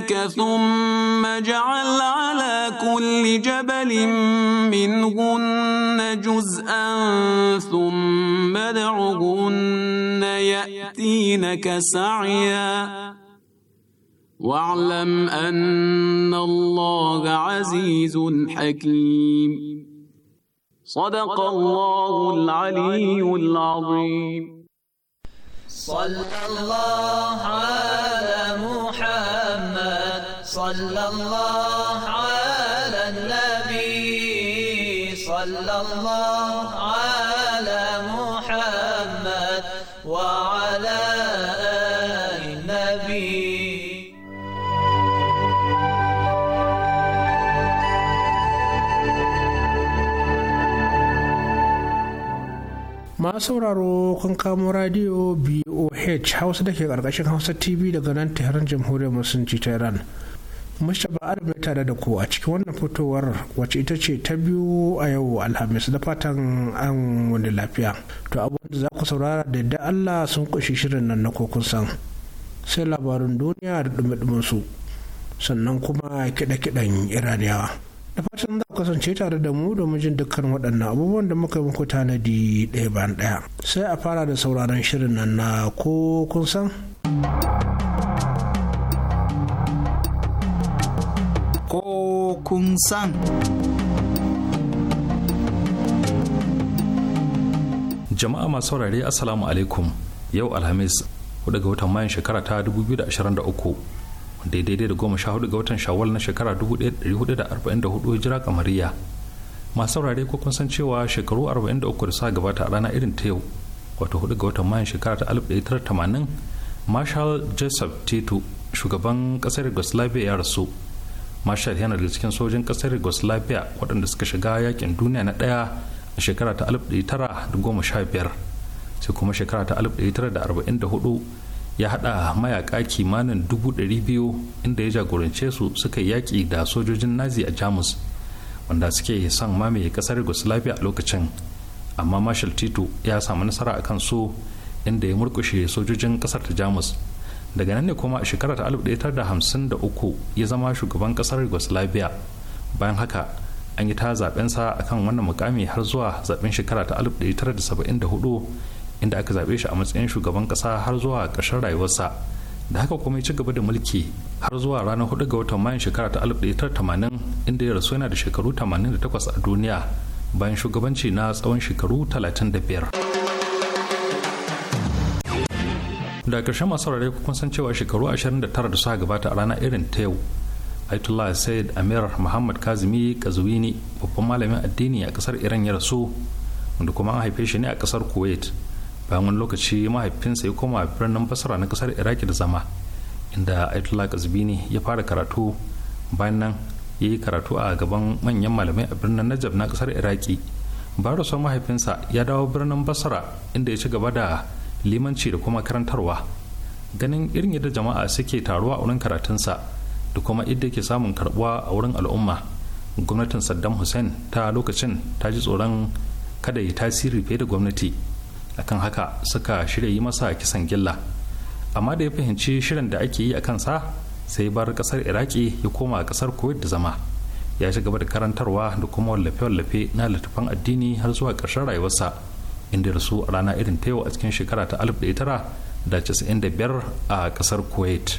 ذلك ثم جعل على كل جبل منهن جزءا ثم ادعهن يأتينك سعيا واعلم أن الله عزيز حكيم صدق الله العلي العظيم صلى الله على صلى الله على النبي صلى الله على محمد وعلى آل النبي masu sauraro kan kamo radio boh hausa da ke karkashin hausa tv daga nan tehran jamhuriyar musulunci ta iran Mustapha Adam ya tare da ku a cikin wannan fitowar wacce ita ce ta biyu a yau Alhamis da fatan an wani lafiya. To abubuwan da za ku saurara da da Allah sun kushi shirin nan na kokun san. Sai labarin duniya da dumi su sannan kuma kiɗa kiɗen Iraniyawa. Da fatan za ku kasance tare da mu domin jin dukkan waɗannan abubuwan da muka yi muku tanadi ɗaya bayan ɗaya. Sai a fara da sauraron shirin nan na kokun san. kun san. Jama'a masu saurare Assalamu alaikum yau Alhamis 4 ga watan mayan shekara ta 2023 daidai da goma sha hudu ga watan shawal na shekara 1444 hijira kamariya masu saurare ko kun san cewa shekaru 43 da sa gabata a rana irin ta yau wato hudu ga watan mayan shekara ta 1980 marshal joseph tito shugaban kasar yugoslavia ya rasu marshal yana da cikin sojin kasar yugoslavia waɗanda suka shiga yakin duniya na ɗaya a shekara ta 1915 sai kuma shekara ta 1944 ya haɗa mayaka kimanin 200,000 inda ya jagorance su suka yaƙi da sojojin nazi a jamus wanda suke son mamaye kasar yugoslavia a lokacin amma marshal tito ya samu nasara a kan su inda ya murkushe sojojin kasar ta jamus daga nan ne kuma a shekarar ta 1953 ya zama shugaban kasar yugoslavia bayan haka an yi ta zabensa a kan wannan mukami har zuwa zaben shekara ta 1974 inda aka zaɓe shi a matsayin shugaban ƙasa har zuwa ƙarshen rayuwarsa da haka kuma ya ci gaba da mulki har zuwa ranar hudu ga watan mayun shekara ta 1980 inda ya rasu yana da shekaru 88 a duniya bayan shugabanci na tsawon shekaru talatin da biyar. da ƙarshen masu saurare kun san cewa shekaru 29 da suka gabata a rana irin ta yau Aitullah Said Amir Muhammad Kazimi Kazuwini babban malamin addini a kasar Iran ya rasu wanda kuma an haife shi ne a kasar Kuwait bayan wani lokaci mahaifinsa ya koma birnin Basra na kasar Iraki da zama inda Aitullah Kazubini ya fara karatu bayan nan ya yi karatu a gaban manyan malamai a birnin najab na kasar Iraki bayan rasuwar mahaifinsa ya dawo birnin Basra inda ya ci gaba da limanci da kuma karantarwa ganin irin yadda jama'a suke taruwa a wurin karatunsa da kuma idda ke samun karbuwa a wurin al'umma gwamnatin saddam hussein ta lokacin ta ji tsoron kada ya tasiri fiye da gwamnati akan haka suka shirya yi masa kisan gilla amma da ya fahimci shirin da ake yi a kansa sai bar kasar iraki ya koma kasar kuwait da zama ya shiga gaba da karantarwa da kuma wallafe-wallafe na littattafan addini har zuwa ƙarshen rayuwarsa inda rasu a rana irin ta a cikin shekara ta 1995 a kasar kuwait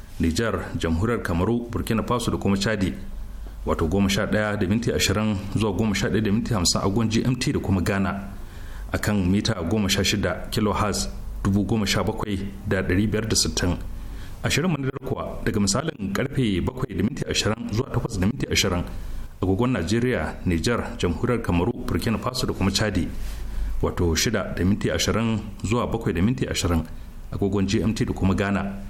nijar jamhuriyar kamaru burkina faso da kuma chadi wato goma sha ɗaya da minti ashirin zuwa goma sha ɗaya da minti hamsin agon gmt da kuma ghana a kan mita goma sha shida kilohertz dubu goma sha bakwai da ɗari biyar da sittin ashirin manadar kuwa daga misalin karfe bakwai da minti ashirin zuwa takwas da minti ashirin a gogon najeriya nijar jamhuriyar kamaru burkina faso da kuma chadi wato shida da minti ashirin zuwa bakwai da minti ashirin gogon gmt da kuma ghana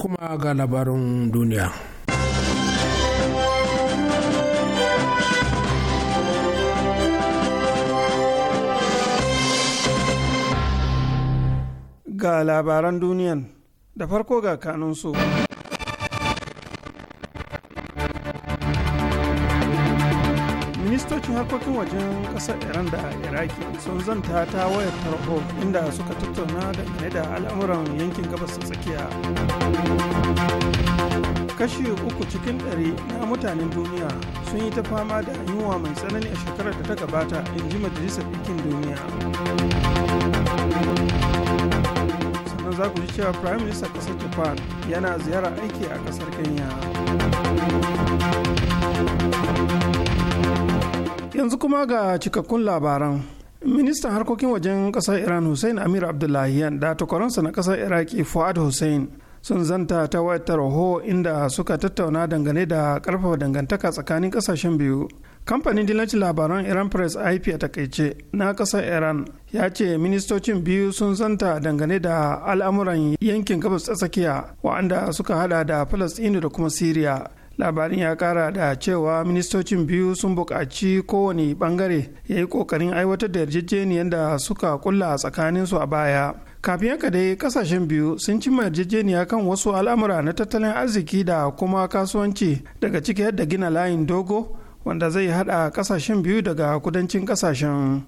kuma ga labarin duniya. Ga labaran duniyan da farko ga kanunsu. harkokin wajen ƙasar iran da iraki sun zanta ta wayar tarho inda suka tattauna da dangane da al'amuran yankin gabas ta tsakiya kashi uku cikin ɗari na mutanen duniya sun yi ta fama da yunwa mai tsanani a shekarar da ta gabata in ji majalisar ɗinkin duniya sannan za ku ji cewa prime minister ƙasar japan yana ziyara aiki a ƙasar kenya yanzu kuma ga cikakkun labaran ministan harkokin wajen kasar iran hussein amir abdullahi da takwaransa na kasar iraki fuad hussein sun zanta ta wayar inda suka tattauna dangane da karfafa dangantaka tsakanin kasashen biyu kamfanin dillancin labaran iran press ip a takaice na kasar iran ya ce ministocin biyu sun zanta dangane da al'amuran yankin gabas ta tsakiya wa'anda suka hada da palestine da kuma siriya labarin ya kara da cewa ministocin biyu sun buƙaci kowane bangare ya yi ƙoƙarin aiwatar da yarjejeniyar da suka kulla a tsakaninsu a baya kafin haka dai kasashen biyu sun cimma yarjejeniya kan wasu al'amura na tattalin arziki da kuma kasuwanci daga ciki yadda gina layin dogo wanda zai hada kasashen biyu daga kudancin kasashen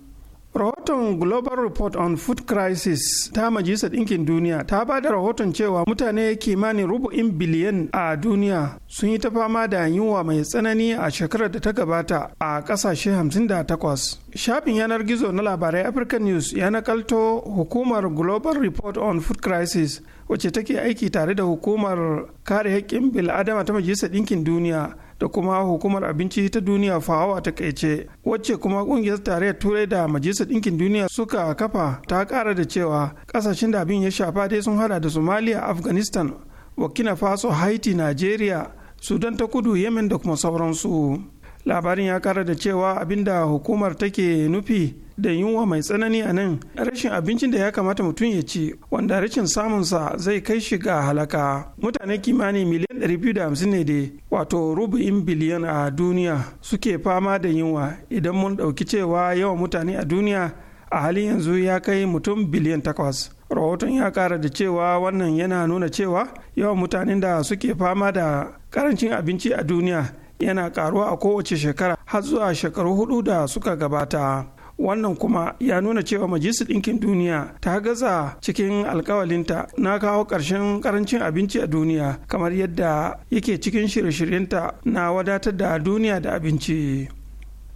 rahoton global report on food crisis ta majalisar ɗinkin duniya ta ba da rahoton cewa mutane kimanin rubu'in biliyan a duniya sun yi ta fama da yunwa mai tsanani a shekarar da ta gabata a ƙasashe 58 shafin yanar gizo na labarai african news ya nakalto hukumar global report on food crisis wacce take aiki tare da hukumar kare haƙƙin bil'adama ta majalisar ɗinkin duniya da kuma hukumar abinci ta duniya fawa a takaice wacce kuma kungiyar tarayyar turai da majalisar ɗinkin duniya suka kafa ta kara da cewa ƙasashen da abin ya shafa dai sun hada da somalia afghanistan burkina faso haiti nigeria sudan ta kudu yemen da kuma sauransu labarin ya ƙara da cewa abin da hukumar take nufi da yunwa mai tsanani a nan rashin abincin da ya kamata mutum ya ci wanda rashin samunsa zai kai shi ga halaka mutane kimanin miliyan 250 ne da wato rubu'in biliyan a duniya suke fama da yunwa idan mun ɗauki cewa yawan mutane a duniya a halin yanzu ya kai mutum biliyan takwas rahoton ya kara da cewa wannan yana nuna cewa yawan mutanen da suke fama da karancin abinci a duniya yana karuwa a kowace shekara har zuwa shekaru hudu da suka gabata wannan kuma ya nuna cewa majalisar ɗinkin duniya ta gaza cikin alkawalinta na kawo ƙarshen ƙarancin abinci a duniya kamar yadda yake cikin shirye-shiryenta na wadatar da duniya da abinci.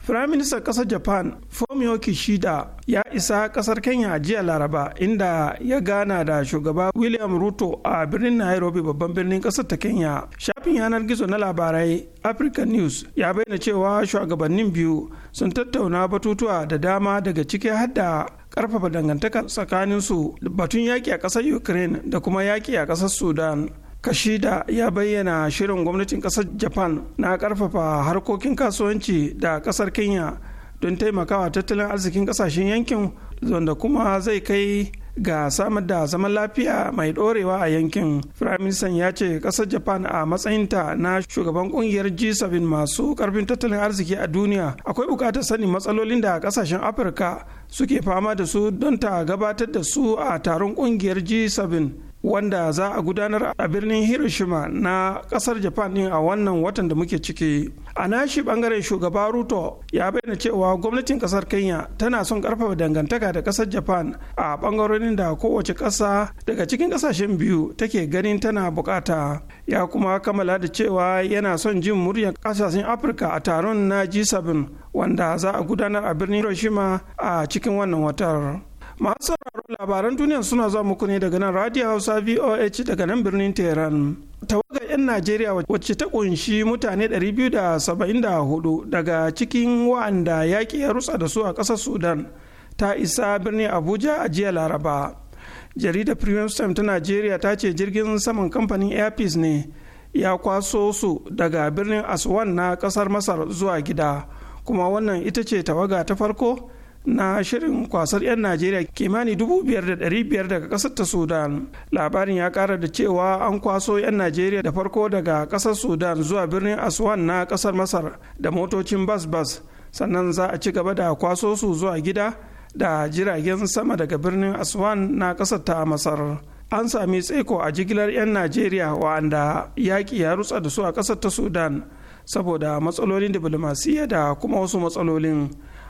Firaministan ƙasar Japan fomio Kishida ya isa ƙasar Kenya a jiya Laraba inda ya gana da shugaba William Ruto a birnin Nairobi babban birnin ƙasar ta Kenya. Shafin yanar gizo na labarai African News ya bayyana cewa shugabannin biyu sun tattauna batutuwa da dama daga ciki har da ƙarfafa dangantaka tsakaninsu batun yaƙi a ƙasar Ukraine da kuma yaƙi a ƙasar Sudan. Kashida ya bayyana shirin gwamnatin kasar Japan na karfafa harkokin kasuwanci da kasar Kenya don taimakawa tattalin arzikin kasashen yankin wanda kuma zai kai ga samar da zaman lafiya mai dorewa a yankin. Firaministan ya ce kasar Japan a matsayinta na shugaban kungiyar G7 masu karfin tattalin arziki a duniya akwai bukatar sanin matsalolin da kasashen Afirka suke fama da su don ta gabatar da su a taron kungiyar G7. wanda za a gudanar a birnin Hiroshima na kasar Japan ne a wannan watan da muke ciki. A nashi bangaren shugaba Ruto ya bayyana cewa gwamnatin kasar Kenya tana son karfafa dangantaka da kasar Japan a bangarorin da kowace kasa daga cikin kasashen biyu take ganin tana bukata. Ya kuma kammala da cewa yana son jin muryar kasashen Afirka a taron na G7 wanda za a gudanar a birnin Hiroshima a cikin wannan watar. masu sauraron labaran duniya suna zuwa muku ne daga nan radio hausa voh daga nan birnin tehran Tawaga 'yan najeriya wacce ta kunshi mutane 274 daga cikin wa'anda yaƙi ya rutsa da su a ƙasar sudan ta isa birnin abuja a jiya laraba Jarida premium ta najeriya ta ce jirgin saman kamfanin airpeace ne ya kwaso su daga birnin aswan na ƙasar masar zuwa gida kuma wannan ita ce tawaga ta farko na shirin kwasar 'yan najeriya kimani biyar daga kasar ta sudan labarin ya kara da cewa an kwaso 'yan najeriya da farko daga kasar sudan zuwa birnin aswan na kasar masar da motocin bas bas sannan za a ci gaba da kwaso su zuwa gida da jiragen sama daga birnin aswan na kasar ta masar an sami tsaiko a jigilar 'yan najeriya wa'anda yaƙi ya rutsa da su a kasar ta sudan saboda matsalolin diplomasiya da kuma wasu matsalolin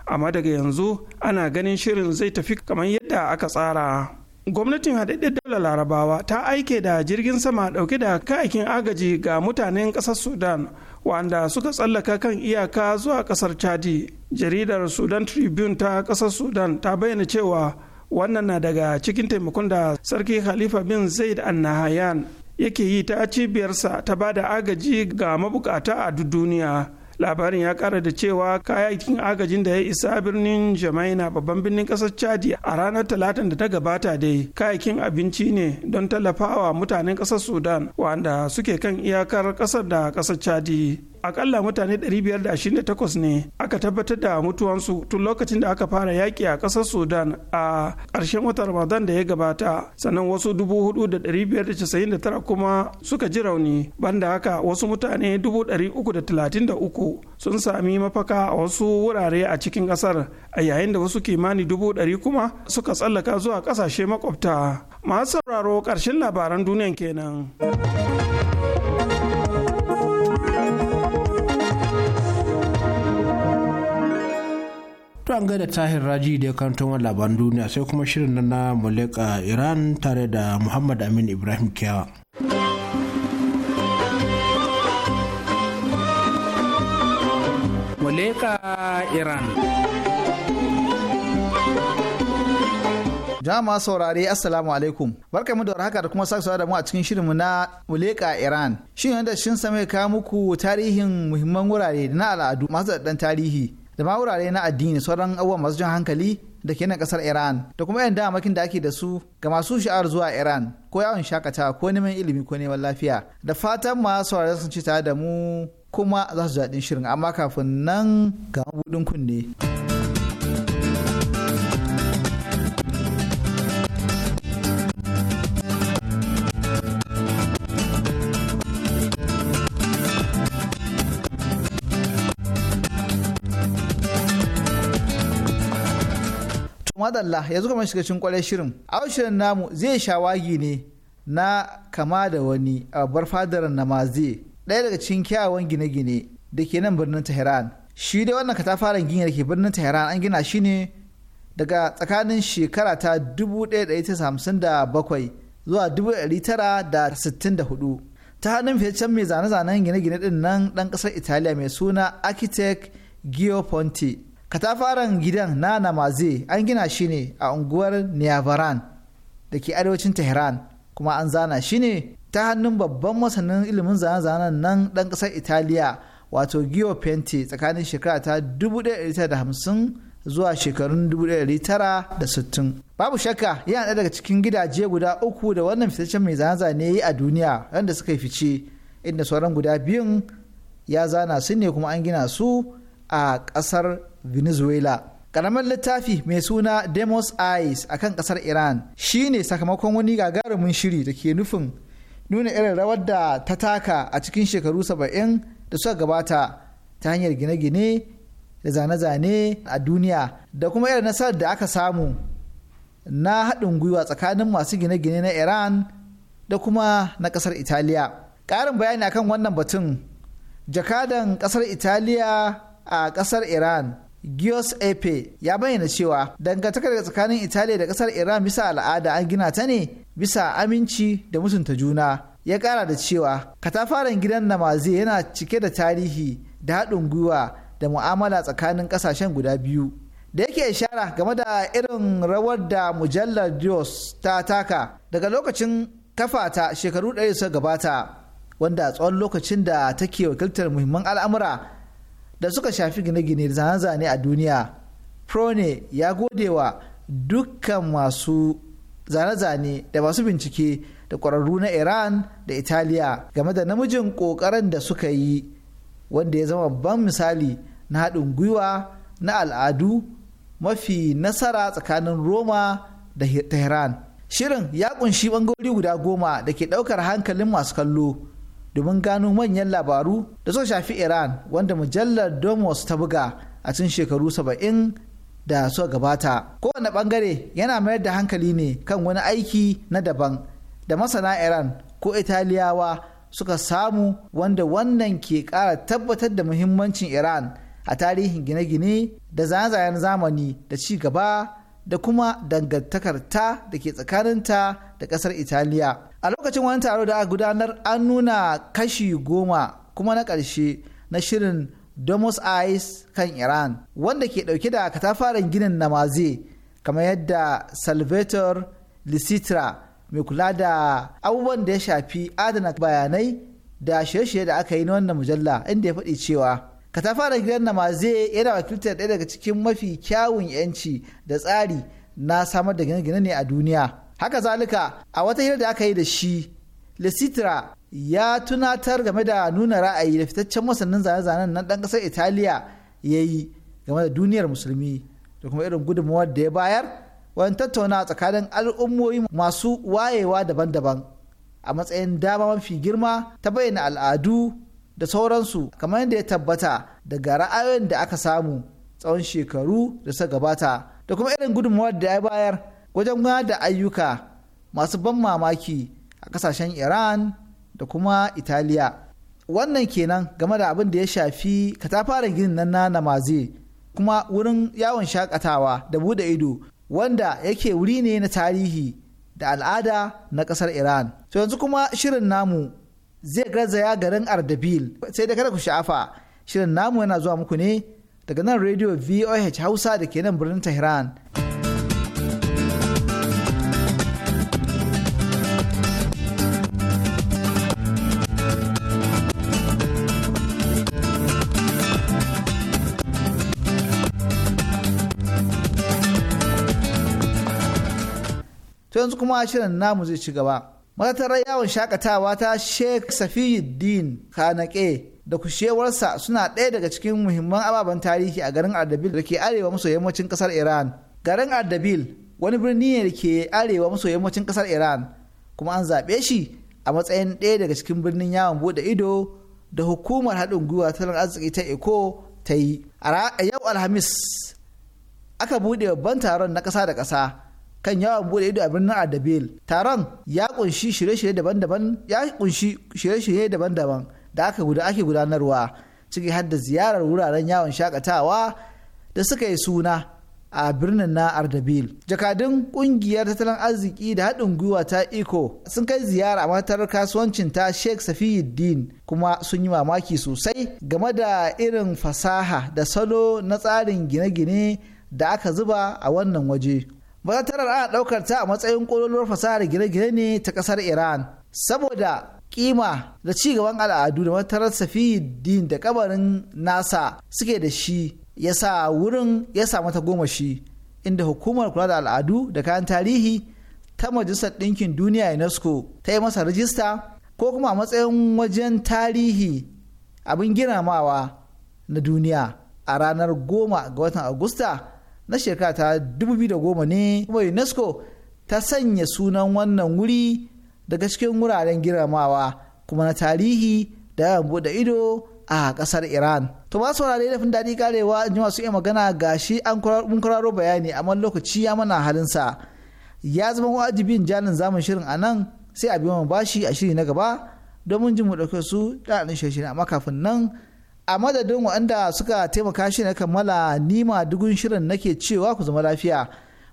amma daga yanzu ana ganin shirin zai tafi kamar yadda aka tsara gwamnatin haɗaɗɗen daular larabawa ta aike da jirgin sama ɗauke da kayakin agaji ga mutanen ƙasar sudan wanda suka tsallaka kan iyaka zuwa ƙasar chadi jaridar sudan tribune ta ƙasar sudan ta bayyana cewa wannan na daga cikin taimakon da sarki khalifa bin zaid an nahayan yake yi ta cibiyarsa ta ba da agaji ga mabukata a duk duniya labarin ya kara da cewa kayayyakin agajin da ya isa birnin jamaina babban birnin kasar chadi a ranar talatin da ta gabata dai kayakin abinci ne don tallafawa mutanen kasar sudan wanda suke kan iyakar kasar da kasar chadi akalla mutane 528 ne aka tabbatar da mutuwansu tun lokacin da aka fara yaƙi a ƙasar sudan a ƙarshen watan ramadan da ya gabata sannan wasu 4,599 kuma suka ji rauni banda haka wasu mutane 333 sun sami mafaka a wasu wurare a cikin ƙasar a yayin da wasu kimani 100 kuma suka tsallaka zuwa ƙasashe makwabta masu sauraro ƙarshen labaran duniyan kenan. to an gaida tahir raji da ya kanto labaran duniya sai kuma shirin na na muleka iran tare da muhammad amin ibrahim kiyawa muleka iran jama'a saurare assalamu alaikum barkamu da warhaka da kuma sake da mu a cikin shirinmu na muleka iran shin yadda shin same ka muku tarihin muhimman wurare na al'adu masu tarihi da ma wurare na addini sauran abubuwan masu jan hankali da ke nan kasar Iran da kuma yan damakin da ake da su ga masu sha'ar zuwa Iran ko yawon shakatawa ko neman ilimi ko neman lafiya da fatan ma saurare sun ci tare da mu kuma za su daɗin shirin amma kafin nan ga mabudin kunne. madalla yanzu kamar shiga cikin kwarai shirin a shirin namu zai shawagi ne na kama da wani a babbar fadar namaze. ɗaya daga cikin kyawawan gine-gine da ke nan birnin tehran shi dai wannan katafaren gini da ke birnin tehran an gina shi ne daga tsakanin shekara ta 1957 zuwa 1964 ta hannun fitaccen mai zane-zanen gine-gine din nan ɗan ƙasar italiya mai suna architect Gio ponte katafaren gidan na namaze an gina shi ne a unguwar niyabaran da ke arewacin tehran kuma an zana shi ne ta hannun babban masanin ilimin zane-zanen nan ɗan ƙasar italiya wato gio Pente tsakanin shekara ta 1950 zuwa shekarun 1960 babu shakka yana ɗaya daga cikin gidaje guda uku da wannan fitaccen mai zane-zane ya yi a duniya wanda suka yi fice inda sauran guda biyun ya zana su ne kuma an gina su a ƙasar venezuela karamin littafi mai suna demos eyes a kan kasar iran shine sakamakon wani gagarumin shiri da ke nufin nuna irin rawar da ta taka a cikin shekaru saba'in da suka gabata ta hanyar gine-gine da zane-zane a duniya da kuma irin nasarar da aka samu na haɗin gwiwa tsakanin masu gine-gine na iran da kuma na ƙasar italiya ƙarin bayani akan wannan batun jakadan ƙasar italiya a kasar iran gios epe ya bayyana cewa dangantakar tsakanin italiya da kasar iran bisa al'ada an gina ta ne bisa aminci da mutunta juna ya kara da cewa katafaren gidan namaze yana cike da tarihi da haɗin gwiwa da mu'amala tsakanin ƙasashen guda biyu da yake ishara game da irin rawar da mujallar dios ta taka daga lokacin kafata ta shekaru ɗari suka gabata wanda tsawon lokacin da take wakiltar muhimman al'amura da suka shafi gine-gine zane-zane a duniya prone ya gode wa dukkan masu zane-zane da masu bincike da ƙwararru na iran da italiya game da namijin ƙoƙarin da suka yi wanda ya zama ban misali na haɗin gwiwa na al'adu mafi nasara tsakanin roma da tehran shirin ya kunshi ɓangarori guda goma da ke ɗaukar hankalin masu kallo domin gano manyan labaru da suka shafi Iran wanda mujallar Domos ta buga a cikin shekaru saba'in da suka gabata. Kowane bangare yana mayar da hankali ne kan wani aiki na daban da masana Iran ko Italiyawa suka samu wanda wannan ke kara tabbatar da muhimmancin Iran a tarihin gine-gine da zane zamani da ci gaba da kuma dangantakarta da ke tsakaninta da ƙasar Italiya. a lokacin wani taro da aka gudanar an nuna kashi goma kuma na ƙarshe na shirin domus eyes kan iran wanda ke dauke da katafaren ginin namaze kamar yadda salvator lisitra mai kula da abubuwan da ya shafi adana bayanai da shirye-shirye da aka yi na wannan mujalla inda ya faɗi cewa katafaren gidan namaze yana wakiltar ɗaya daga cikin mafi kyawun 'yanci da tsari na samar da gine-gine ne a duniya haka zalika a wata hira da aka yi da shi lesitra ya tunatar game da nuna ra'ayi da fitaccen masannin zane-zanen na ɗan ƙasar italiya ya yi game da duniyar musulmi da kuma irin gudunmawar da ya bayar wani tattauna tsakanin al'ummomi masu wayewa daban-daban a matsayin dama mafi girma ta bayyana al'adu da sauransu kamar yadda ya tabbata daga ra'ayoyin da aka samu tsawon shekaru da suka gabata da kuma irin gudunmawar da ya bayar wajen gudanar da ayyuka masu ban mamaki a kasashen iran da kuma italiya wannan kenan game da abin da ya shafi katafaren ginin nan na namaze kuma wurin yawon shakatawa da bude ido wanda yake wuri ne na tarihi da al'ada na kasar iran to yanzu kuma shirin namu zai garzaya garin ardabil sai da kada ku sha'afa shirin namu yana zuwa muku ne daga nan radio voh hausa da ke nan birnin tehran. to yanzu kuma shirin namu zai ci gaba matattarar yawon shakatawa ta sheikh safiyuddin kanake da kushewarsa suna ɗaya daga cikin muhimman ababen tarihi a garin ardabil da ke arewa maso yammacin ƙasar iran garin ardabil wani birni ne da ke arewa maso yammacin ƙasar iran kuma an zaɓe shi a matsayin ɗaya daga cikin birnin yawon buɗe ido da hukumar haɗin gwiwa ta arziki ta eko ta yi a yau alhamis aka buɗe babban taron na ƙasa da ƙasa kan yawon bude ido a birnin Adabil. Taron ya kunshi shirye-shirye daban-daban ya kunshi shirye-shirye daban-daban da aka guda ake gudanarwa ciki har da ziyarar wuraren yawon shakatawa da suka yi suna a birnin na Ardabil. Jakadun kungiyar tattalin arziki da haɗin gwiwa ta Iko sun kai ziyara a matar kasuwancin ta Sheikh Safiyuddin kuma sun yi mamaki sosai game da irin fasaha da salo na tsarin gine-gine da aka zuba a wannan waje. matattarar ana ɗaukar ta a matsayin ƙololuwar fasahar gine-gine ne ta ƙasar iran saboda kima da ci gaban al'adu da matattarar din da kabarin nasa suke da shi ya sa wurin ya samu ta goma shi inda hukumar kula da al'adu da kayan tarihi ta majalisar ɗinkin duniya unesco ta yi masa rajista ko kuma a matsayin wajen tarihi abin girmamawa na duniya a ranar goma ga watan agusta na shekara ta 2010 ne kuma unesco ta sanya sunan wannan wuri daga cikin wuraren girmamawa kuma na tarihi da yawan bude ido a kasar iran to ba saurare da fin daɗi karewa in ji masu iya magana ga shi an kuraro bayani amma lokaci ya mana halinsa ya zama wajibin janin zamun shirin a nan sai a biyo bashi a shiri na gaba domin jin mu ɗauke su da shirin amma kafin nan a madadin waɗanda suka taimaka shi na kammala nima dugun shirin nake cewa ku zama lafiya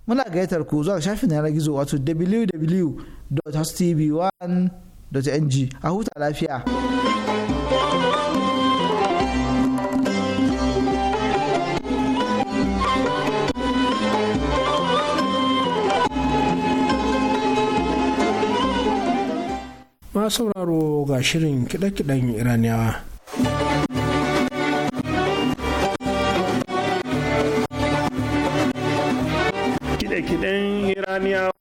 muna gayyatar ku zuwa shafin yanar gizo wato www.hostv1.ng a huta lafiya. Ma sauraro ga shirin kiɗe-kiɗen Iraniyawa. iraniyawa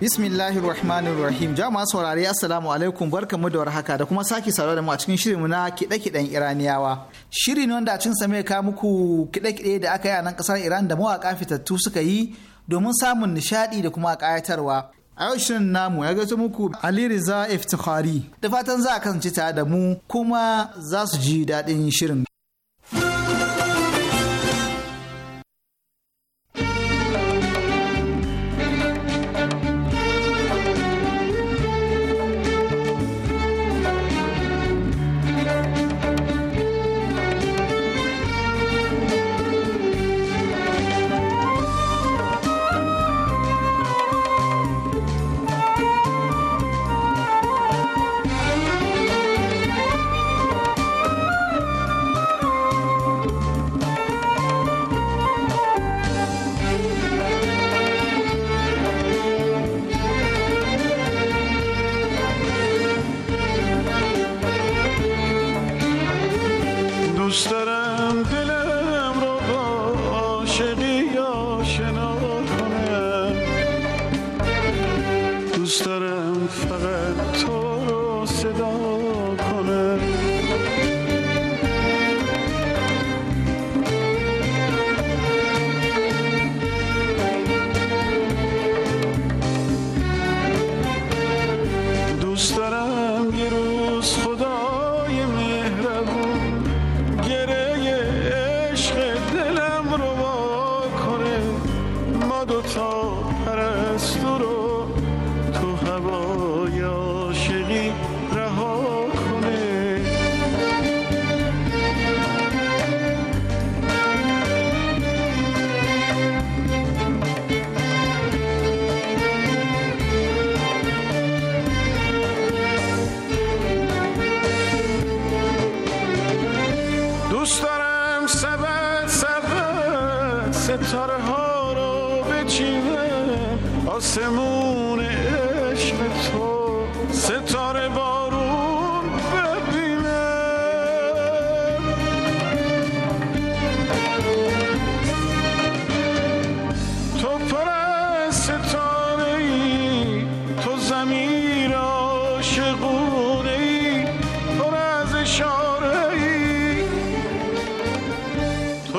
Bismillahir Rahmanir Rahim. Jama'a saurari. Assalamu alaikum barkamu da warhaka da kuma sake saurare da mu a cikin shirinmu na kiɗe-kiɗen Iraniyawa. Shiri ne wanda a cikin ka muku kiɗe-kiɗe da aka yi a nan ƙasar Iran da mawaƙa fitattu suka yi domin samun nishaɗi da kuma kayatarwa A yau shirin namu ya gato muku Ali Riza Iftikhari. Da fatan za a kasance tare da mu kuma za su ji daɗin shirin.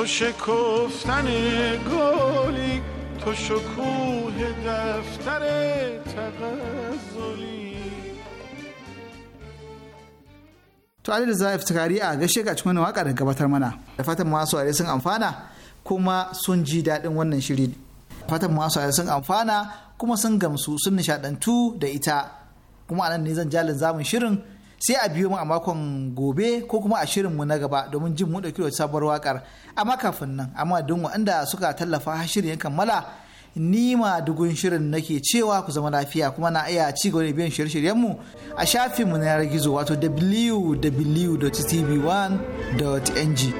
شکفتن گلی تو شکوه دفتر تغزلی to da za iftikari a gaishe ga cikin waka da gabatar mana da fatan masu aure sun amfana kuma sun ji daɗin wannan shiri fatan masu aure sun amfana kuma sun gamsu sun nishadantu da ita kuma anan ne zan jalin zamun shirin sai a biyo mu a makon gobe ko kuma a shirinmu na gaba domin jin mu dauki sabuwar wakar amma kafin nan amma don waɗanda suka tallafa shirin ya kammala ni ma dugun shirin nake cewa ku zama lafiya kuma na iya ci gaba da biyan shirye mu a shafinmu na yanar gizo wato www.tv1.ng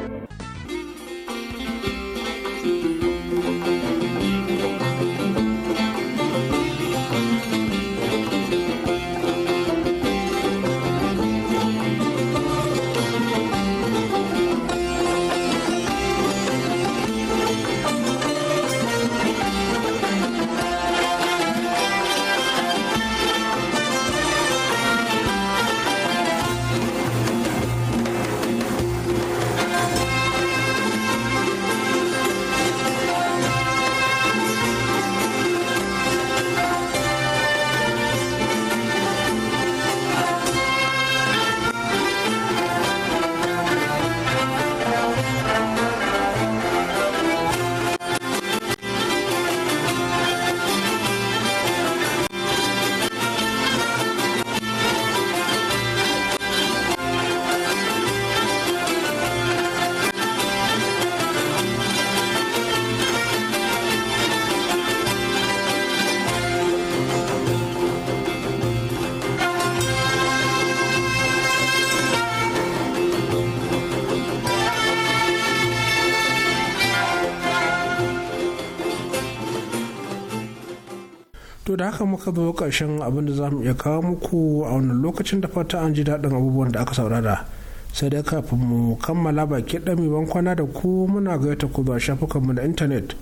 haka muka zo ƙarshen abin da za mu iya kawo muku a wannan lokacin da fata an ji daɗin abubuwan da aka saurara sai dai kafin mu kammala baki ɗami mai bankwana da ku muna gayyata ku zuwa shafukanmu na intanet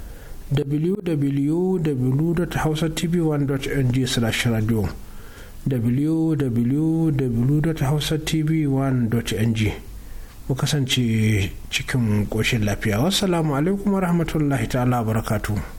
www.hausatv1.ng/radio www.hausatv1.ng mu kasance cikin ƙoshin lafiya wassalamu alaikum warahmatullahi ta'ala barakatuhu